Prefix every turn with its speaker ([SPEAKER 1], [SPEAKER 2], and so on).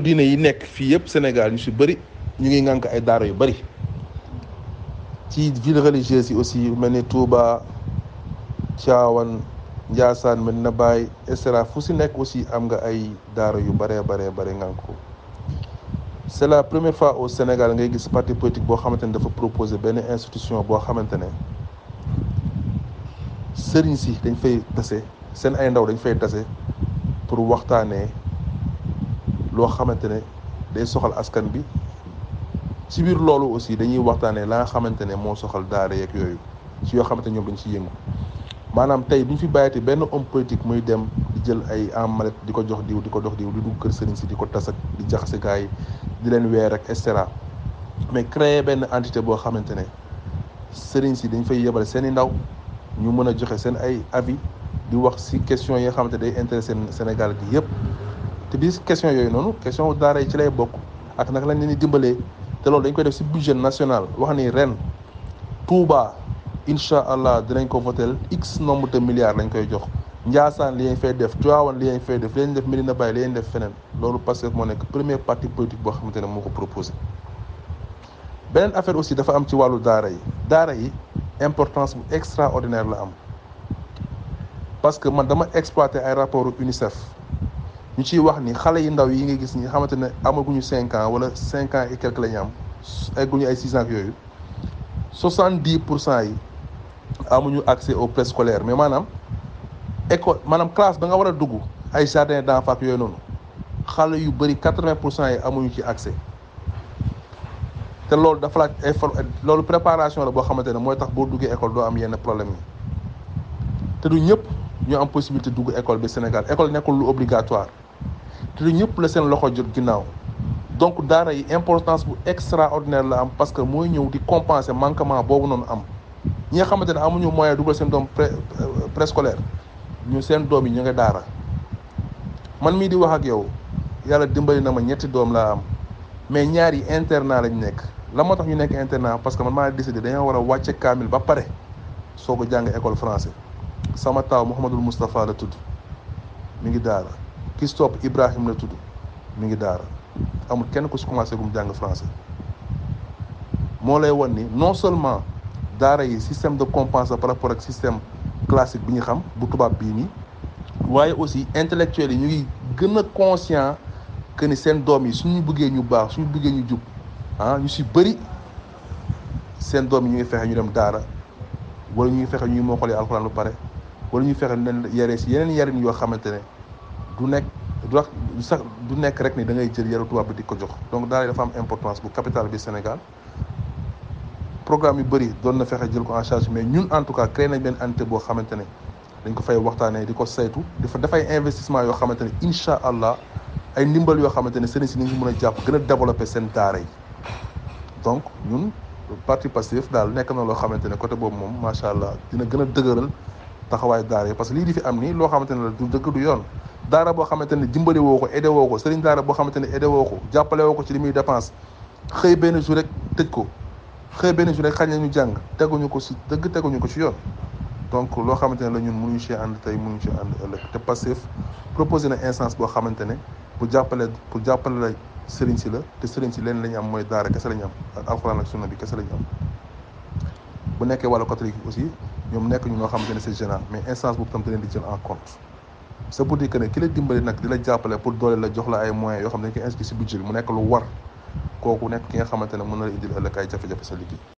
[SPEAKER 1] diine yi nekk fii yëpp Sénégal ñu si bëri ñu ngi ngànk ay daara yu bëri ci ville religieuse yi aussi mel ni Touba Thiawane Ndiassane Medina na et cetera fu si nekk aussi am nga ay daara yu bëree bëree bëri ngànk ko c'est la première fois au Sénégal ngay gis parti politique boo xamante ne dafa proposer benn institution boo xamante ne sëriñ si dañ fay tase seen ay ndaw dañ fay tase pour waxtaanee. loo xamante ne day soxal askan bi ci biir loolu aussi dañuy waxtaanee la nga xamante ne moo soxal daara yeeg yooyu si yoo xamante ne ñoom dañ ci yëngu maanaam tey duñ fi bàyyati benn homme politique muy dem di jël ay en mallette di ko jox diw di ko jox diw di dugg kër sëriñ si di ko tas ak di jaxase gars yi di leen weer ak et mais créer benn entité boo xamante ne sëriñ si dañ fay yebal seen i ndaw ñu mën a joxe seen ay avis di wax ci question yi nga xamante day intéressé Sénégal gi yëpp te biir question yooyu noonu question daara yi ci lay bokk ak naka lañ leen di dimbalee te loolu dañ koy def si budget national wax ni ren Touba incha allah dinañ ko votel x nombre de milliards lañ koy jox Ndiassane li ngeen fay def Tivaouane li ngeen fay def li def Medina bay li def feneen loolu Pastef moo nekk premier parti politique boo xamante ne moo ko affaire aussi dafa am ci wàllu daara yi daara yi importance extraordinaire la am parce que man dama exploité ay rapports UNICEF ñu ciy wax ni xale yu ndaw yi nga gis ñi xamante ne amaguñu cinq ans wala cinq ans et quelque la ñu am egguñu ay six ans ak yooyu soixante dix pour cent yi amuñu accès au préscolaire mais maanaam école maanaam classe ba nga war a dugg ay jardin d'enfants ak yooyu noonu xale yu bëri quatre vingt pour cent yi amuñu ci accès te loolu dafa laaj loolu préparation la boo xamante ne mooy tax boo duggee école doo am yenn problème yi te du ñëpp ñu am possibilité dugg école bi Sénégal école nekkul lu obligatoire te du ñëpp la seen loxo jot ginnaaw donc daara yi importance bu extraordinaire la am parce que mooy ñëw di compenser manquement boobu noonu am ñi xamante ne amuñu moyen dugal seen doom pré euh, préscolaire ñu seen doom yi ñu ngi daara man mii di wax ak yow yàlla dimbali na ma ñetti doom laa am mais ñaari yi internat lañ nekk la moo tax ñu nekk internat parce que man maa décidé dañoo war a wàcce kaamil ba pare soo ko jàng école français sama taaw Mouhamadul Moustapha la tudd mi ngi daara. que stop Ibrahim la tudd mi ngi daara amul kenn ku si commencé gum jàng français moo lay wan ni non seulement daara yi système de compense par rapport ak système classique bi ñu xam bu tubaab bii nii waaye aussi intellectuels yi ñu ngi gën a conscient que ni seen doom yi suñu bëggee ñu baax suñu bëggee ñu jub ah ñu si bëri seen doom yi ñu ngi fexe ñu dem daara wala ñu ngi fexe ñuy moo xoolee alxuraan lu pare wala ñuy fexe leen yaree si yeneen yarin yoo xamante ne du nekk du sax du nekk rek ni da ngay jël yaru tubaab bi di ko jox donc daara yi dafa am importance bu capital bi Sénégal programme yu bëri doon na fexe jël ko en mais ñun en tout cas créé nañ benn entité boo xamante ne dañ ko fay waxtaanee di ko saytu dafa dafay investissement yoo xamante ne incha allah ay ndimbal yoo xamante ne sëriñ si nañ mën a jàpp gën a développé seen daara yi donc ñun parti Pastef daal nekk na loo xamante ne côté boobu moom macha allah dina gën a dëgëral taxawaay daara yi parce que fi am nii loo xamante ne la du du yoon daara boo xamante ne dimbali woo ko aidé woo ko sëriñ daara boo xamante ne aidé woo ko jàppale woo ko ci limuy muy dépense xëy benn jour rek tëj ko xëy benn jour rek xañ nañu jàng teguñu ko si dëgg teguñu ko si yoon donc loo xamante ne la ñun mënuñu ci ànd tey mënuñu ci ànd ëllëg te Pastef proposé na instance boo xamante ne bu jàppale pour jàppale la sëriñ si la te sëriñ si leen lañu am mooy daara kese la ñu am alxuraan ak sunna bi kese la ñu am bu nekkee wàllu catholique aussi ñoom nekk ñu ñoo xamante ne c'est gênant mais instance boobu tam da ça veut dire ne ki la dimbali nag di la jàppale pour doole la jox la ay moyens yoo xam ne dañ koy inscrit si budget bi mu nekk lu war kooku nekk ki nga xamante ne mën na la indil ëllëg ay jafe-jafe sa liggéey